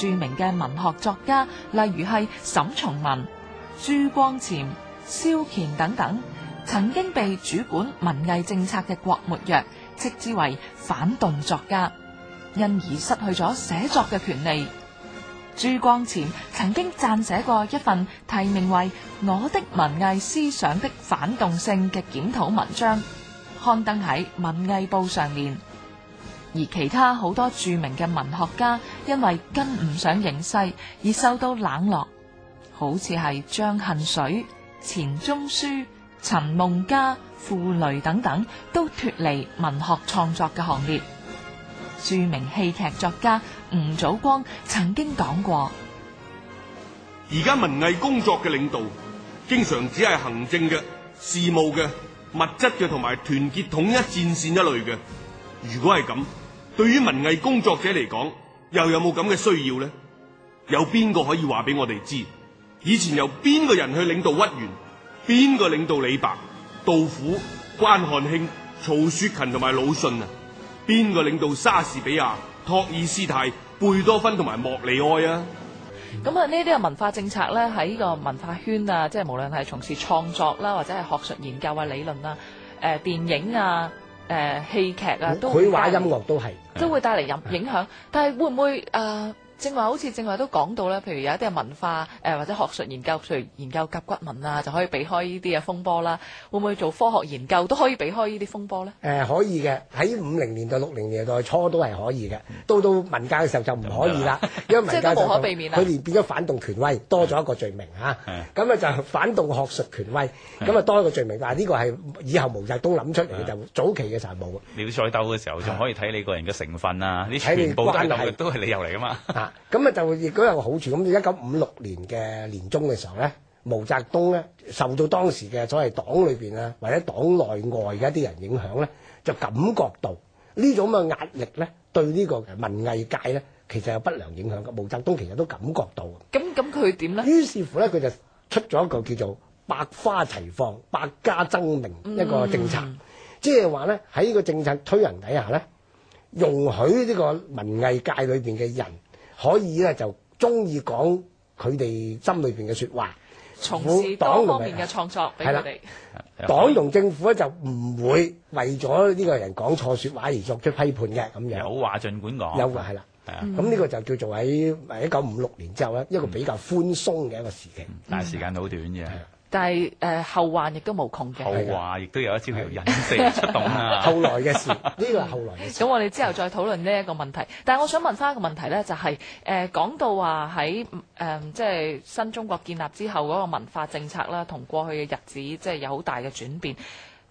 著名嘅文學作家，例如係沈從文、朱光潛、蕭乾等等，曾經被主管文藝政策嘅郭沫若斥之為反動作家，因而失去咗寫作嘅權利。朱光潛曾經撰寫過一份題名為《我的文藝思想的反動性》嘅檢討文章，刊登喺《文藝報》上面。而其他好多著名嘅文學家，因為跟唔上形勢而受到冷落，好似係張恨水、錢鍾書、陳夢家、傅雷等等，都脫離文學創作嘅行列。著名戲劇作家吳祖光曾經講過：「而家文藝工作嘅領導，經常只係行政嘅、事務嘅、物質嘅，同埋團結統一戰線一類嘅。如果係咁。對於文藝工作者嚟講，又有冇咁嘅需要呢？有邊個可以話俾我哋知？以前由邊個人去領導屈原、邊個領導李白、杜甫、關漢卿、曹雪芹同埋魯迅啊？邊個領導莎士比亞、托爾斯泰、貝多芬同埋莫里哀啊？咁啊，呢啲嘅文化政策咧，喺呢個文化圈啊，即係無論係從事創作啦，或者係學術研究啊、理論啊、誒電影啊。誒，戲劇啊，繪畫、音樂都係，都，音都會帶嚟任影響，嗯、但係會唔會誒？呃正話好似正話都講到啦，譬如有一啲嘅文化誒，或者學術研究，譬如研究甲骨文啊，就可以避開呢啲嘅風波啦。會唔會做科學研究都可以避開呢啲風波咧？誒，可以嘅，喺五零年代、六零年代初都係可以嘅。到到文革嘅時候就唔可以啦，因為文革就佢哋變咗反動權威，多咗一個罪名嚇。咁啊就反動學術權威，咁啊多一個罪名。但係呢個係以後毛澤東諗出嚟嘅，就早期嘅就冇嘅。你要再鬥嘅時候，仲可以睇你個人嘅成分啊，啲全部都鬥嘅都係理由嚟㗎嘛。咁啊，就亦都有個好處。咁一九五六年嘅年中嘅時候咧，毛澤東咧受到當時嘅所謂黨裏面啊，或者黨內外嘅一啲人影響咧，就感覺到呢種咁嘅壓力咧，對呢個文藝界咧其實有不良影響。毛澤東其實都感覺到。咁咁佢點咧？是呢於是乎咧，佢就出咗一個叫做百花齊放、百家爭鳴一個政策，即係話咧喺呢個政策推人底下咧，容許呢個文藝界裏面嘅人。可以咧就中意講佢哋心裏面嘅說話，從事黨方面嘅創作俾佢哋。黨同政府咧就唔會為咗呢個人講錯說話而作出批判嘅咁樣。有話儘管講，有話係啦。咁呢的、嗯、個就叫做喺一九五六年之後咧一個比較寬鬆嘅一個時期、嗯，但係時間好短嘅。但係誒、呃、後患亦都無窮嘅，的後患亦都有一招叫引蛇出洞啊！ 後來嘅事，呢個係後來嘅事。咁、 嗯、我哋之後再討論呢一個問題。但我想問翻一個問題呢、就是呃呃，就係誒講到話喺誒即係新中國建立之後嗰個文化政策啦，同過去嘅日子即係有好大嘅轉變。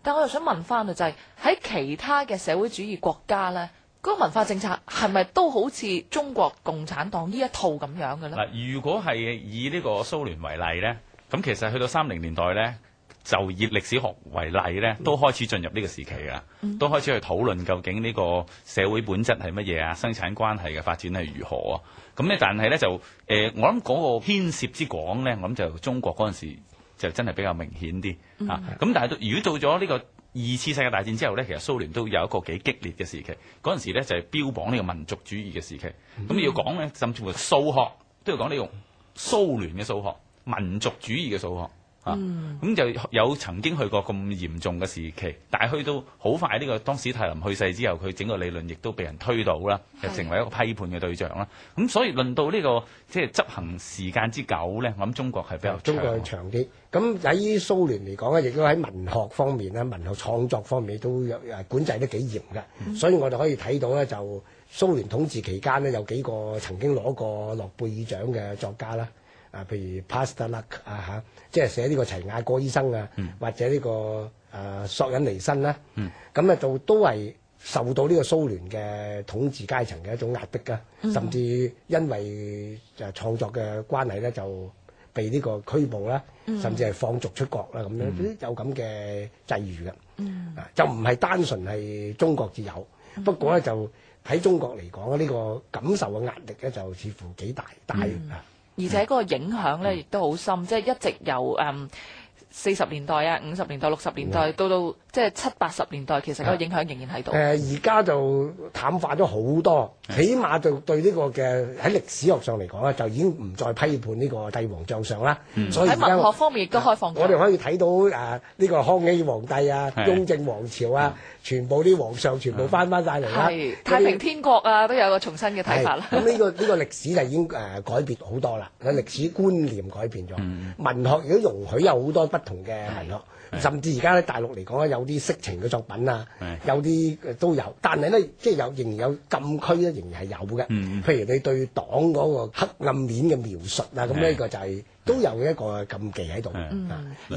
但我又想問翻就係、是、喺其他嘅社會主義國家呢，嗰、那個文化政策係咪都好似中國共產黨呢一套咁樣嘅咧？嗱，如果係以呢個蘇聯為例呢。咁其實去到三零年代咧，就以歷史學為例咧，都開始進入呢個時期㗎，都開始去討論究竟呢個社會本質係乜嘢啊，生產關係嘅發展係如何啊？咁咧，但係咧就、呃、我諗嗰個牽涉之廣咧，咁就中國嗰陣時就真係比較明顯啲、嗯、啊。咁但係如果到咗呢個二次世界大戰之後咧，其實蘇聯都有一個幾激烈嘅時期。嗰陣時咧就係、是、標榜呢個民族主義嘅時期。咁你要講咧，甚至乎數學都要講呢個蘇聯嘅數學。民族主義嘅數學嚇，咁、嗯、就有曾經去過咁嚴重嘅時期，但係去到好快呢、呢個，當史泰林去世之後，佢整個理論亦都被人推倒啦，就、嗯、成為一個批判嘅對象啦。咁、嗯、所以到、呢個，論到呢個即係執行時間之久呢，我諗中國係比較長嘅。中國係長啲。咁喺蘇聯嚟講呢亦都喺文學方面咧、文學創作方面都有誒管制得幾嚴嘅。嗯、所以我哋可以睇到呢，就蘇聯統治期間呢，有幾個曾經攞過諾貝爾獎嘅作家啦。啊，譬如 Pasternak 啊吓、啊，即係寫呢個齊瓦哥醫生啊，嗯、或者呢、呢個誒、啊、索忍尼辛啦、啊，咁咧、嗯、就都係受到呢個蘇聯嘅統治階層嘅一種壓迫啦、啊，嗯、甚至因為誒創作嘅關係咧就被呢個拘捕啦、啊，嗯、甚至係放逐出國啦、啊、咁樣，嗯、有咁嘅際遇嘅、嗯啊，就唔係單純係中國至有，不過咧、嗯、就喺中國嚟講呢、呢個感受嘅壓力咧就似乎幾大，大啊！嗯而且嗰個影響咧，亦都好深，即係一直有誒。Um 四十年代啊，五十年代、六十年代，到到即係七八十年代，其實個影響仍然喺度。誒，而家就淡化咗好多，起碼就對呢個嘅喺歷史學上嚟講咧，就已經唔再批判呢個帝王將相啦。所以喺文學方面亦都開放。我哋可以睇到誒呢個康熙皇帝啊、雍正王朝啊，全部啲皇上全部翻翻晒嚟啦。太平天國啊，都有個重新嘅睇法啦。咁呢個呢個歷史就已經誒改變好多啦，歷史觀念改變咗。文學亦都容許有好多不。不同嘅係咯，甚至而家咧大陸嚟講咧，有啲色情嘅作品啊，有啲都有，但係咧即係有仍然有禁區咧，仍然係有嘅。譬如你對黨嗰個黑暗面嘅描述啊，咁呢一個就係都有一個禁忌喺度。嗯，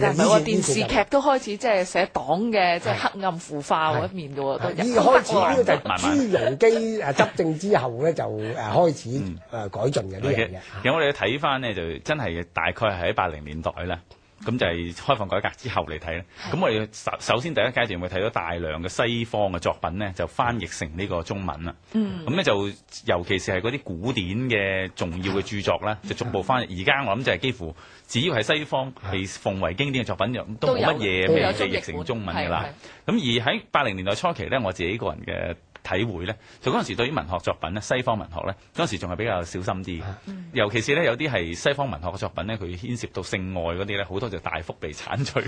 但係咪個電視劇都開始即係寫黨嘅即係黑暗腐化嗰一面嘅喎？都。一開始咧就朱鎔基誒執政之後咧就誒開始誒改進嘅呢樣嘢。其實我哋睇翻呢，就真係大概係喺八零年代啦。咁就係開放改革之後嚟睇咧，咁的我哋首首先第一階段會睇到大量嘅西方嘅作品咧，就翻譯成呢個中文啦。嗯，咁咧就尤其是係嗰啲古典嘅重要嘅著作咧，就逐步翻譯。而家的我諗就係幾乎只要係西方係的奉為經典嘅作品，又都冇乜嘢被譯成中文嘅啦。咁的而喺八零年代初期咧，我自己個人嘅。體會咧，就嗰陣時對於文學作品咧，西方文學咧，嗰陣時仲係比較小心啲、嗯、尤其是咧有啲係西方文學嘅作品咧，佢牽涉到性愛嗰啲咧，好多就大幅被剷除。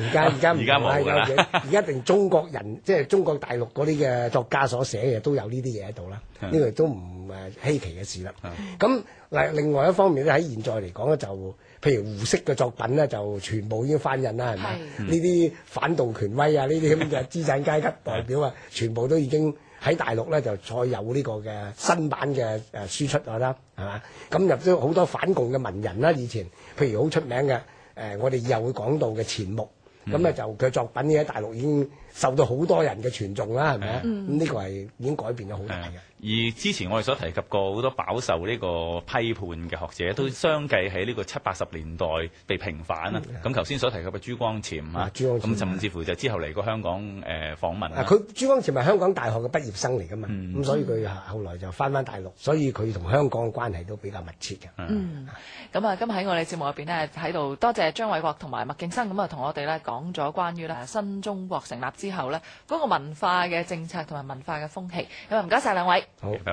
而家而家而家冇㗎，而家定中國人 即係中國大陸嗰啲嘅作家所寫嘅都有呢啲嘢喺度啦，呢個是都唔誒稀奇嘅事啦。咁嗱是，另外一方面咧，喺現在嚟講咧，就譬如胡適嘅作品咧，就全部已經翻印啦，係咪？呢啲是、嗯、反動權威啊，呢啲咁嘅資產階級代表啊，是全部都已經。喺大陸咧就再有呢個嘅新版嘅誒書出咗啦，係嘛？咁入咗好多反共嘅文人啦，以前譬如好出名嘅、呃、我哋以後會講到嘅錢穆，咁咧就佢作品呢喺大陸已經，受到好多人嘅傳頌啦，係咪啊？呢、嗯、個係已經改變咗好大嘅、嗯。而之前我哋所提及過好多飽受呢個批判嘅學者，嗯、都相繼喺呢個七八十年代被平反啦。咁頭先所提及嘅、嗯、朱光潛，啊、嗯，咁甚至乎就之後嚟過香港誒訪、呃、問。啊，佢朱光潛係香港大學嘅畢業生嚟㗎嘛，咁、嗯嗯、所以佢後來就翻翻大陸，所以佢同香港嘅關係都比較密切嘅。嗯，咁啊、嗯，今日喺我哋節目入邊咧，喺度多謝張偉國同埋麥敬生咁啊，同我哋咧講咗關於咧新中國成立，之後咧，嗰個文化嘅政策同埋文化嘅風氣，咁啊唔該晒兩位。好，拜拜。